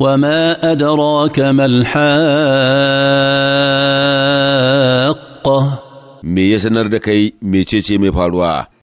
وما ادراك ما الحاقه ميسنر دكي ميچيچي ميفاروا